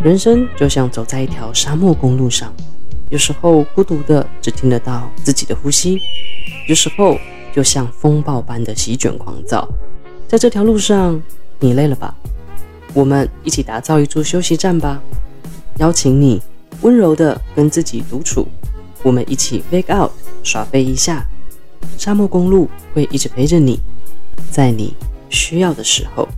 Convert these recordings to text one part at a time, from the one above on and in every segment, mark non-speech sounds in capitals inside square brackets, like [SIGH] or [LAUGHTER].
人生就像走在一條沙漠公路上，有時候孤獨的只聽得到自己的呼吸，有時候就像風暴般的席捲狂躁。在這條路上，你累了吧？我們一起打造一處休息站吧，邀請你溫柔的跟自己獨處，我們一起 wake out 耍飛一下。沙漠公路會一直陪着你，在你需要的時候。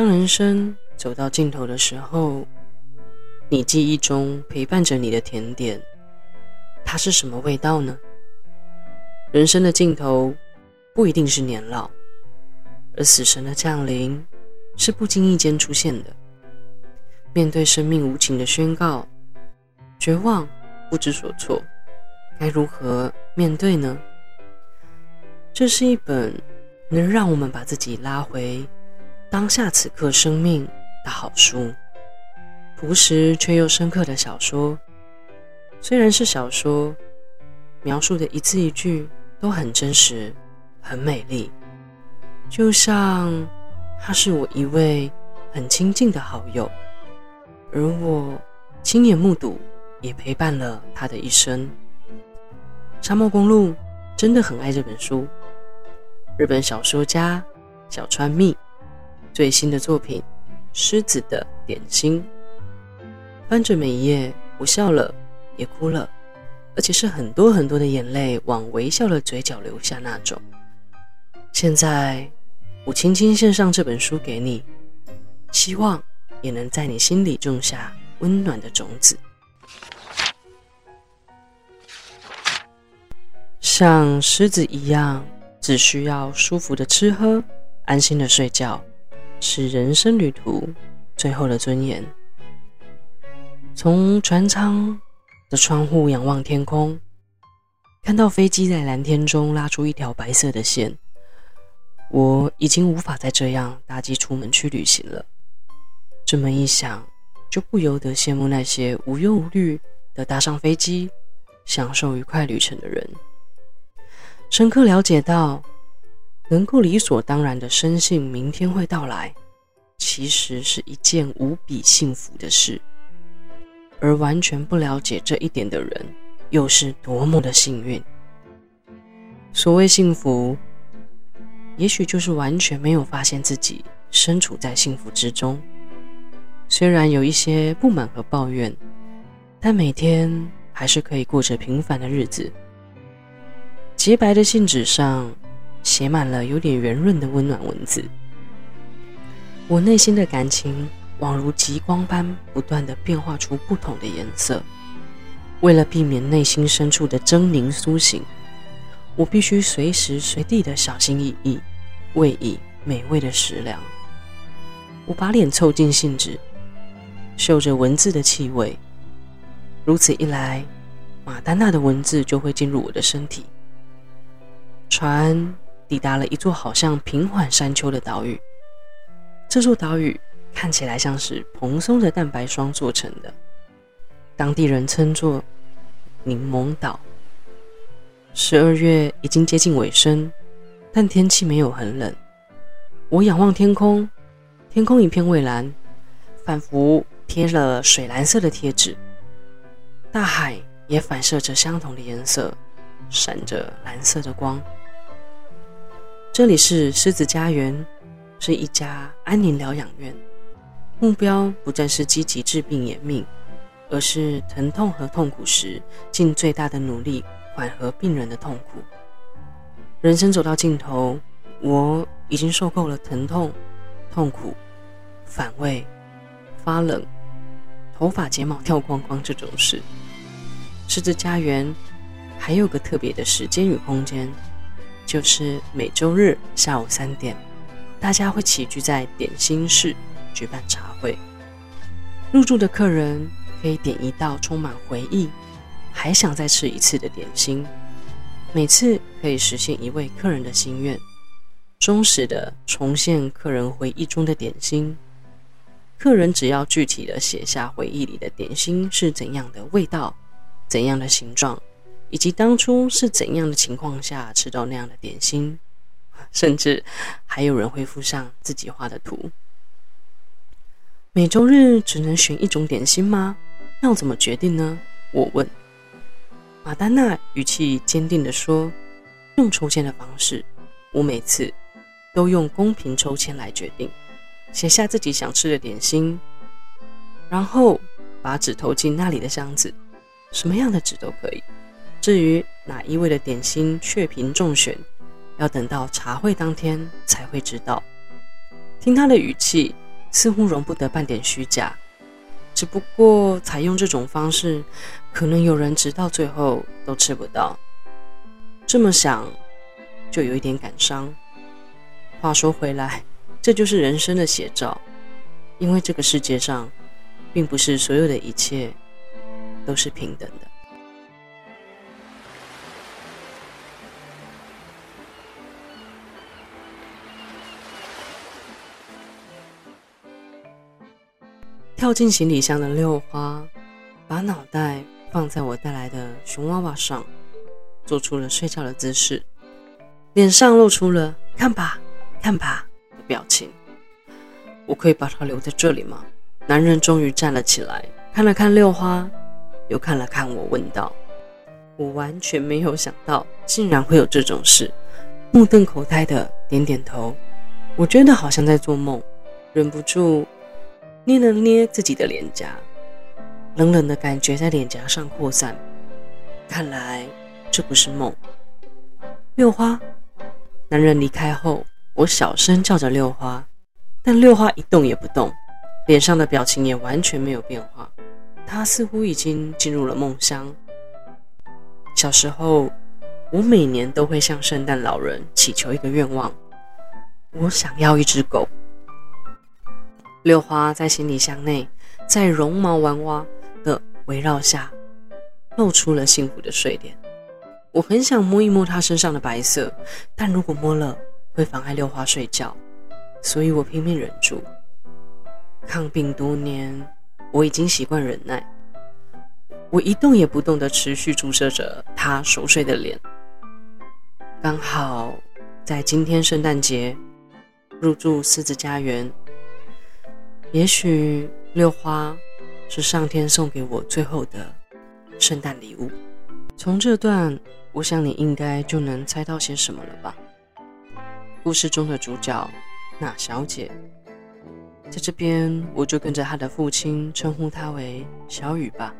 當人生走到盡頭的時候，你記憶中陪伴着你的甜點，它是什麼味道呢？人生的盡頭不一定是年老，而死神的降臨是不經意間出現的。面對生命無情的宣告，絕望不知所措，該如何面對呢？這是一本能讓我們把自己拉回。當下此刻，生命的好書，樸實卻又深刻的小說。雖然是小說，描述的一字一句都很真實，很美麗，就像他是我一位很親近的好友，而我親眼目睹，也陪伴了他的一生。沙漠公路真的很愛這本書，日本小說家小川糸，最新的作品《獅子的點心》，翻着每一頁，我笑了，也哭了，而且是很多很多的眼淚往微笑的嘴角流下那種。現在，我輕輕獻上這本書給你，希望也能在你心裡種下溫暖的種子。像獅子一樣，只需要舒服的吃喝，安心的睡覺。是人生旅途最後的尊嚴。從船艙的窗戶仰望天空，看到飛機在藍天中拉出一條白色的線，我已經無法再這樣搭機出門去旅行了。這麼一想，就不由得羨慕那些無憂無慮的搭上飛機，享受愉快旅程的人。深刻了解到。能夠理所當然的深信明天會到來，其實是一件無比幸福的事。而完全不了解這一點的人，又是多麼的幸運。所謂幸福，也許就是完全沒有發現自己身處在幸福之中。雖然有一些不滿和抱怨，但每天還是可以過着平凡的日子。潔白的信紙上，寫滿了有點圓潤的溫暖文字，我內心的感情宛如極光般不斷地變化出不同的顏色。為了避免內心深處的猙獰甦醒，我必須隨時隨地的小心翼翼，餵以美味的食糧。我把臉湊近信紙，嗅着文字的氣味。如此一來，瑪丹娜的文字就會進入我的身體，傳。抵達了一座好像平緩山丘的島嶼，這座島嶼看起來像是蓬鬆的蛋白霜做成的，當地人稱作檸檬島。十二月已經接近尾聲，但天氣沒有很冷。我仰望天空，天空一片蔚藍，仿佛貼了水藍色的貼紙，大海也反射着相同的顏色，閃着藍色的光。這裡是獅子家園，是一家安寧療養院。目標不再是積極治病延命，而是疼痛和痛苦時，盡最大的努力緩和病人的痛苦。人生走到盡頭，我已經受夠了疼痛、痛苦、反胃、發冷、頭髮睫毛掉光光這種事。獅子家園還有個特別的時間與空間。就是每週日下午三點，大家會齊聚在點心室舉辦茶會。入住的客人可以點一道充滿回憶、還想再吃一次的點心，每次可以實現一位客人的心願，忠實的重現客人回憶中的點心。客人只要具體的寫下回憶裡的點心是怎樣的味道、怎樣的形狀。以及當初是怎樣的情況下吃到那樣的點心，甚至還有人會附上自己畫的圖。每周日只能選一種點心嗎？要怎麼決定呢？我問。馬丹娜語氣堅定地說：“用抽籤的方式，我每次都用公平抽籤來決定，寫下自己想吃的點心，然後把紙投進那裡的箱子，什麼樣的紙都可以。”至於哪一位的點心雀屏中選，要等到茶會當天才會知道。聽他的語氣，似乎容不得半點虛假。只不過採用這種方式，可能有人直到最後都吃不到。這麼想，就有一點感傷。話說回來，這就是人生的寫照，因為這個世界上，並不是所有的一切都是平等的。跳進行李箱的六花，把腦袋放在我帶來的熊娃娃上，做出了睡覺的姿勢，臉上露出了“看吧，看吧”的表情。我可以把它留在這裡嗎？男人終於站了起來，看了看六花，又看了看我，問道：“我完全沒有想到，竟然會有這種事。”目瞪口呆地點點頭，我覺得好像在做夢，忍不住。捏了捏自己的臉頰，冷冷的感覺在臉頰上擴散。看來這不是夢。六花，男人離開後，我小聲叫着六花，但六花一動也不動，臉上的表情也完全沒有變化。她似乎已經進入了夢鄉。小時候，我每年都會向聖誕老人祈求一個願望，我想要一隻狗。六花在行李箱內，在絨毛娃娃的圍繞下，露出了幸福的睡臉。我很想摸一摸她身上的白色，但如果摸了會妨礙六花睡覺，所以我拼命忍住。抗病多年，我已經習慣忍耐。我一動也不動地持續注射着她熟睡的臉。剛好在今天聖誕節，入住獅子家園。也許六花是上天送給我最後的聖誕禮物。從這段，我想你應該就能猜到些什麼了吧？故事中的主角那小姐，在這邊我就跟着她的父親稱呼她為小雨吧。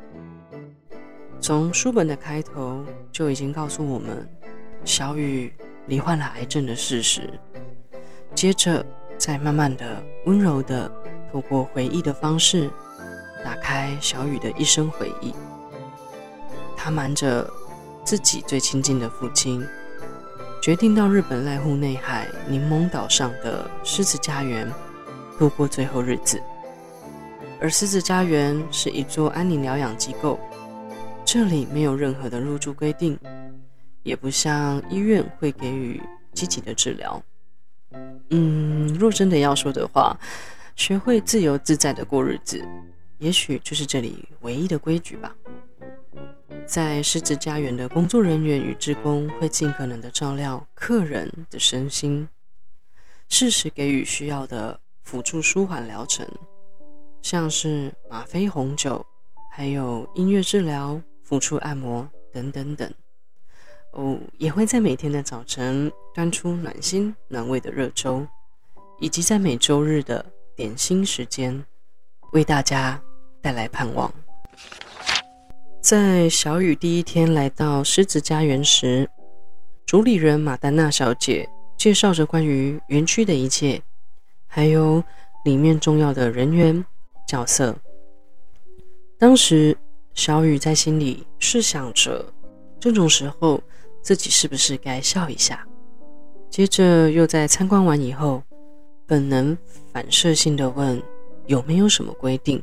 從書本的開頭就已經告訴我們，小雨罹患了癌症的事實。接着，再慢慢的、溫柔的。透過回憶的方式，打開小雨的一生回憶。他瞞着自己最親近的父親，決定到日本瀨戶內海檸檬島上的獅子家園度過最後日子。而獅子家園是一座安寧療養機構，這裡沒有任何的入住規定，也不像醫院會給予積極的治療。嗯，若真的要說的話。學會自由自在的過日子，也許就是這裡唯一的規矩吧。在獅子家園的工作人員與志工會盡可能的照料客人的身心，適時給予需要的輔助舒緩療程，像是嗎啡紅酒，還有音樂治療、輔助按摩等等等。哦，也會在每天的早晨端出暖心暖胃的熱粥，以及在每週日的點心時間為大家帶來盼望。在小雨第一天來到獅子家園時，主理人馬丹娜小姐介紹着關於園區的一切，還有裡面重要的人員角色。當時小雨在心裡是想着，這種時候自己是不是該笑一下？接着又在參觀完以後。本能反射性地問：“有沒有什麼規定？”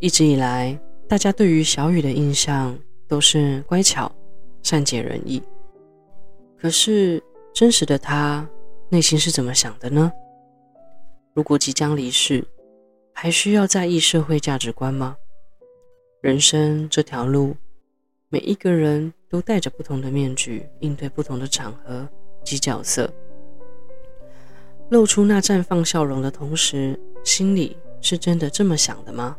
一直以來，大家對於小雨的印象都是乖巧、善解人意。可是，真實的她內心是怎麼想的呢？如果即將離世，還需要在意社會價值觀嗎？人生這條路，每一個人都戴着不同的面具，應對不同的場合及角色。露出那綻放笑容的同時，心裡是真的這麼想的嗎？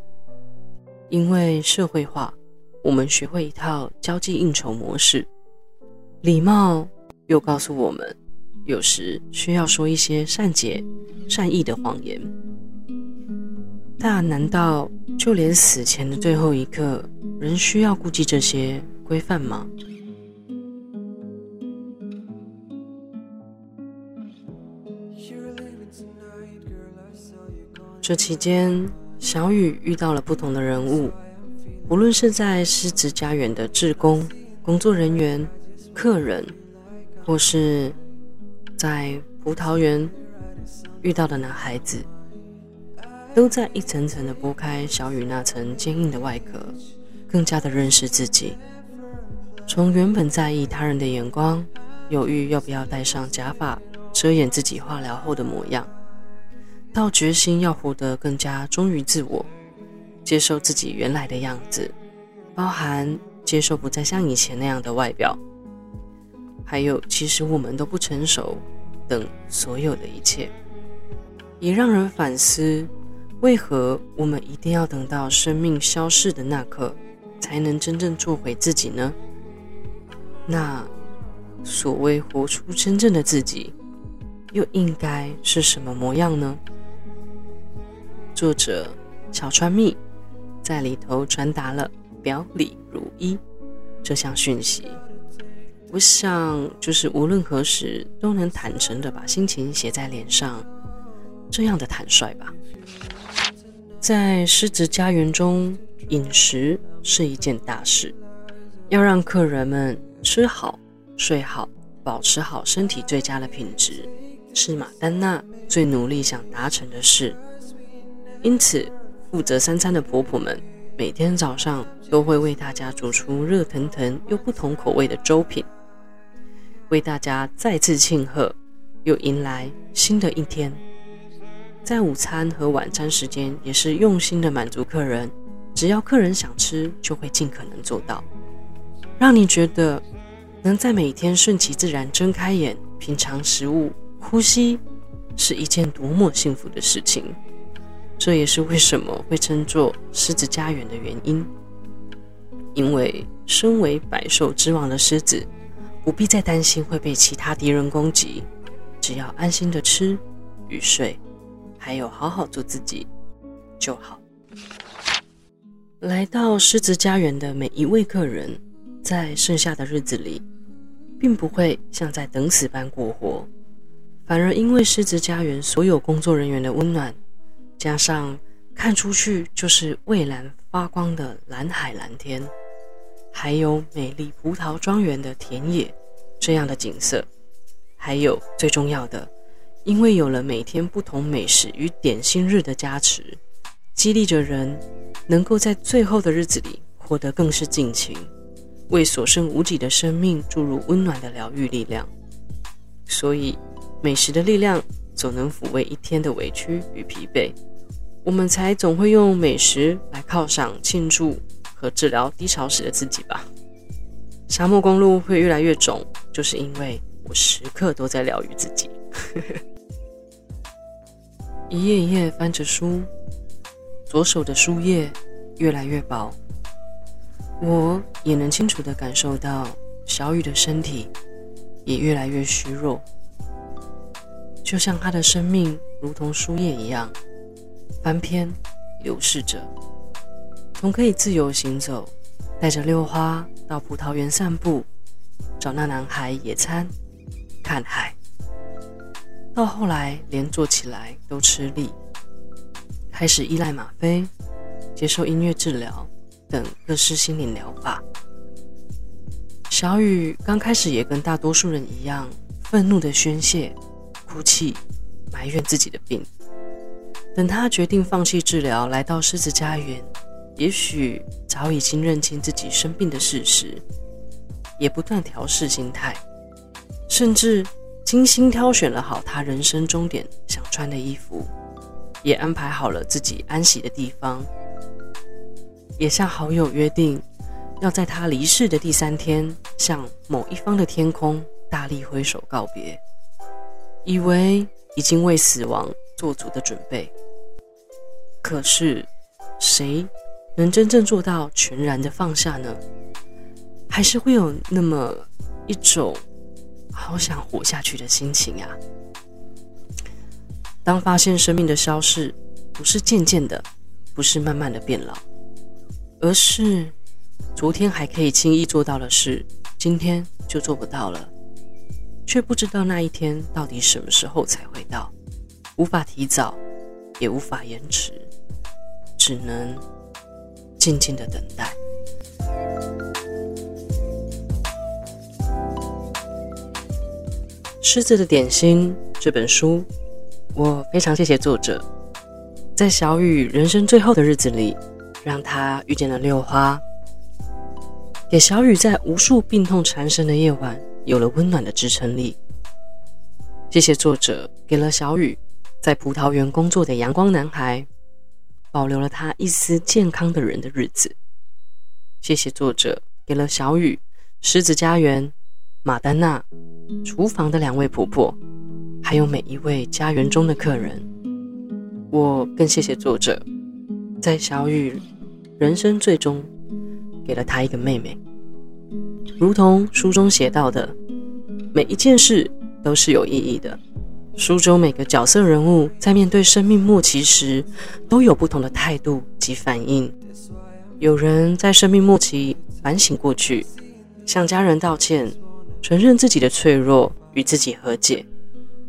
因為社會化，我們學會一套交際應酬模式，禮貌又告訴我們，有時需要說一些善解、善意的謊言。但難道就連死前的最後一刻，仍需要顧及這些規範嗎？這期間，小雨遇到了不同的人物，無論是在獅子家園的志工、工作人員、客人，或是，在葡萄園遇到的男孩子，都在一層層的剝開小雨那層堅硬的外殼，更加的認識自己。從原本在意他人的眼光，猶豫要不要戴上假髮遮掩自己化療後的模樣。到決心要活得更加忠於自我，接受自己原來的樣子，包含接受不再像以前那樣的外表，還有其實我們都不成熟等所有的一切，也讓人反思：為何我們一定要等到生命消逝的那刻，才能真正做回自己呢？那所謂活出真正的自己，又應該是什麼模樣呢？作者小川糸在裡頭傳達了表裡如一這項訊息。我想，就是無論何時都能坦誠的把心情寫在臉上，這樣的坦率吧。在獅子家園中，飲食是一件大事，要讓客人們吃好、睡好，保持好身體最佳的品質，是馬丹娜最努力想達成的事。因此，負責三餐的婆婆們每天早上都會為大家煮出熱騰騰又不同口味的粥品，為大家再次慶賀，又迎來新的一天。在午餐和晚餐時間，也是用心地滿足客人，只要客人想吃，就會盡可能做到，讓你覺得能在每天順其自然睜開眼品嘗食物、呼吸，是一件多麼幸福的事情。這也是為什麼會稱作獅子家園的原因，因為身為百獸之王的獅子，不必再擔心會被其他敵人攻擊，只要安心的吃與睡，還有好好做自己就好。來到獅子家園的每一位客人，在剩下的日子裡，並不會像在等死般過活，反而因為獅子家園所有工作人員的溫暖。加上看出去就是蔚藍發光的藍海藍天，還有美麗葡萄莊園的田野，這樣的景色，還有最重要的，因為有了每天不同美食與點心日的加持，激勵着人能夠在最後的日子裡活得更是盡情，為所剩無幾的生命注入溫暖的療癒力量。所以，美食的力量總能撫慰一天的委屈與疲憊。我們才總會用美食來犒賞、慶祝和治療低潮時的自己吧。沙漠公路會越來越腫，就是因為我時刻都在療癒自己。 [LAUGHS] 一頁一頁翻着書，左手的書頁越來越薄，我也能清楚地感受到小雨的身體也越來越虛弱，就像她的生命如同書頁一樣。翻篇，流逝着。從可以自由行走，帶着六花到葡萄園散步，找那男孩野餐，看海，到後來連坐起來都吃力，開始依賴嗎啡，接受音樂治療等各式心理療法。小雨剛開始也跟大多數人一樣，憤怒的宣泄，哭泣，埋怨自己的病。等他決定放棄治療，來到獅子家園，也許早已經認清自己生病的事實，也不斷調適心態，甚至精心挑選了好他人生終點想穿的衣服，也安排好了自己安息的地方，也向好友約定，要在他離世的第三天向某一方的天空大力揮手告別，以為已經為死亡做足的準備。可是，誰能真正做到全然的放下呢？還是會有那麼一種好想活下去的心情啊？當發現生命的消逝不是漸漸的，不是慢慢的變老，而是昨天還可以輕易做到的事，今天就做不到了，卻不知道那一天到底什麼時候才會到，無法提早，也無法延遲。只能靜靜的等待。《獅子的點心》這本書，我非常謝謝作者，在小雨人生最後的日子裡，讓他遇見了六花，給小雨在無數病痛纏身的夜晚有了溫暖的支撐力。謝謝作者，給了小雨在葡萄園工作的陽光男孩。保留了他一絲健康的人的日子。謝謝作者給了小雨獅子家園、瑪丹娜、廚房的兩位婆婆，還有每一位家園中的客人。我更謝謝作者，在小雨人生最終給了她一個妹妹。如同書中寫到的，每一件事都是有意義的。書中每個角色人物在面對生命末期時，都有不同的態度及反應。有人在生命末期反省過去，向家人道歉，承認自己的脆弱，與自己和解；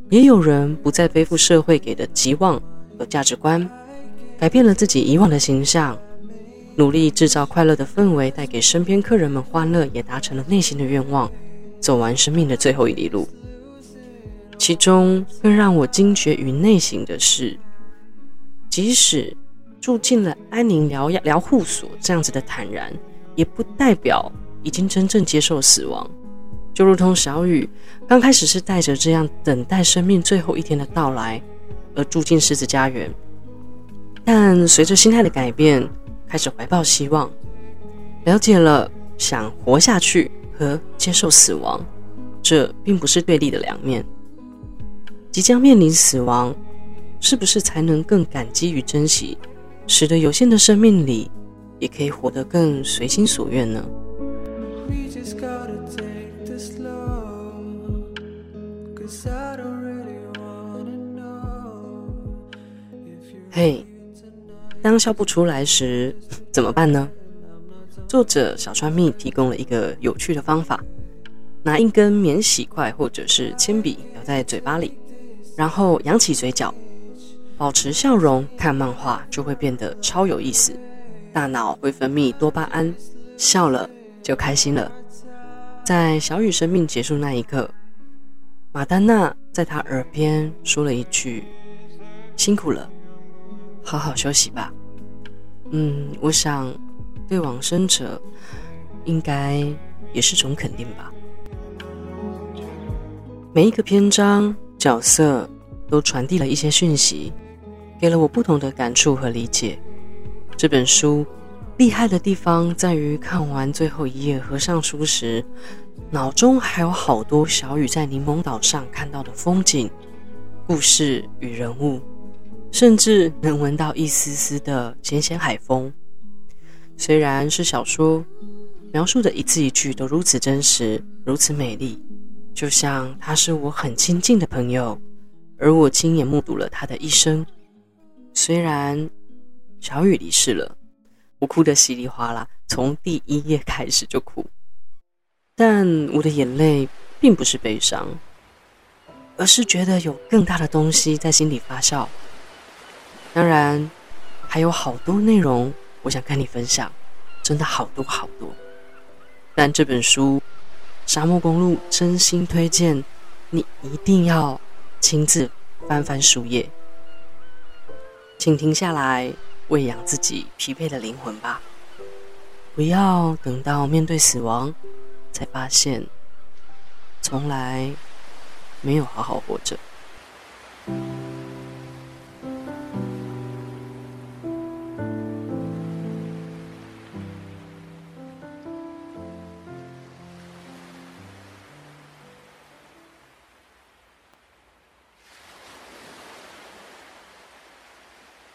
也有人不再背負社會給的期望和價值觀，改變了自己以往的形象，努力制造快樂的氛圍，帶給身邊客人們歡樂，也達成了內心的願望，走完生命的最後一里路。其中更讓我驚覺與內省的是，即使住進了安寧療養療護所，這樣子的坦然，也不代表已經真正接受死亡。就如同小雨剛開始是帶着這樣等待生命最後一天的到來而住進獅子家園，但隨着心態的改變，開始懷抱希望，了解了想活下去和接受死亡，這並不是對立的兩面。即將面臨死亡，是不是才能更感激與珍惜，使得有限的生命裡也可以活得更隨心所願呢？嘿、hey，當笑不出來時怎麼辦呢？作者小川糸提供了一個有趣的方法：拿一根免洗筷，或者是鉛筆咬在嘴巴裡。然後揚起嘴角，保持笑容，看漫畫就會變得超有意思。大腦會分泌多巴胺，笑了就開心了。在小雨生命結束那一刻，瑪丹娜在他耳邊說了一句：“辛苦了，好好休息吧。”嗯，我想，對往生者，應該也是種肯定吧。每一個篇章。角色都傳遞了一些訊息，給了我不同的感觸和理解。這本書厲害的地方在於，看完最後一頁合上書時，腦中還有好多小雨在檸檬島上看到的風景、故事與人物，甚至能聞到一絲絲的鹹鹹海風。雖然是小說，描述的一字一句都如此真實，如此美麗。就像他是我很親近的朋友，而我親眼目睹了他的一生。雖然小雨離世了，我哭得稀里嘩啦，從第一頁開始就哭。但我的眼淚並不是悲傷，而是覺得有更大的東西在心裡發酵。當然，還有好多內容我想跟你分享，真的好多好多。但這本書。沙漠公路真心推薦，你一定要親自翻翻書頁。請停下來，餵養自己疲憊的靈魂吧。不要等到面對死亡，才發現從來沒有好好活着。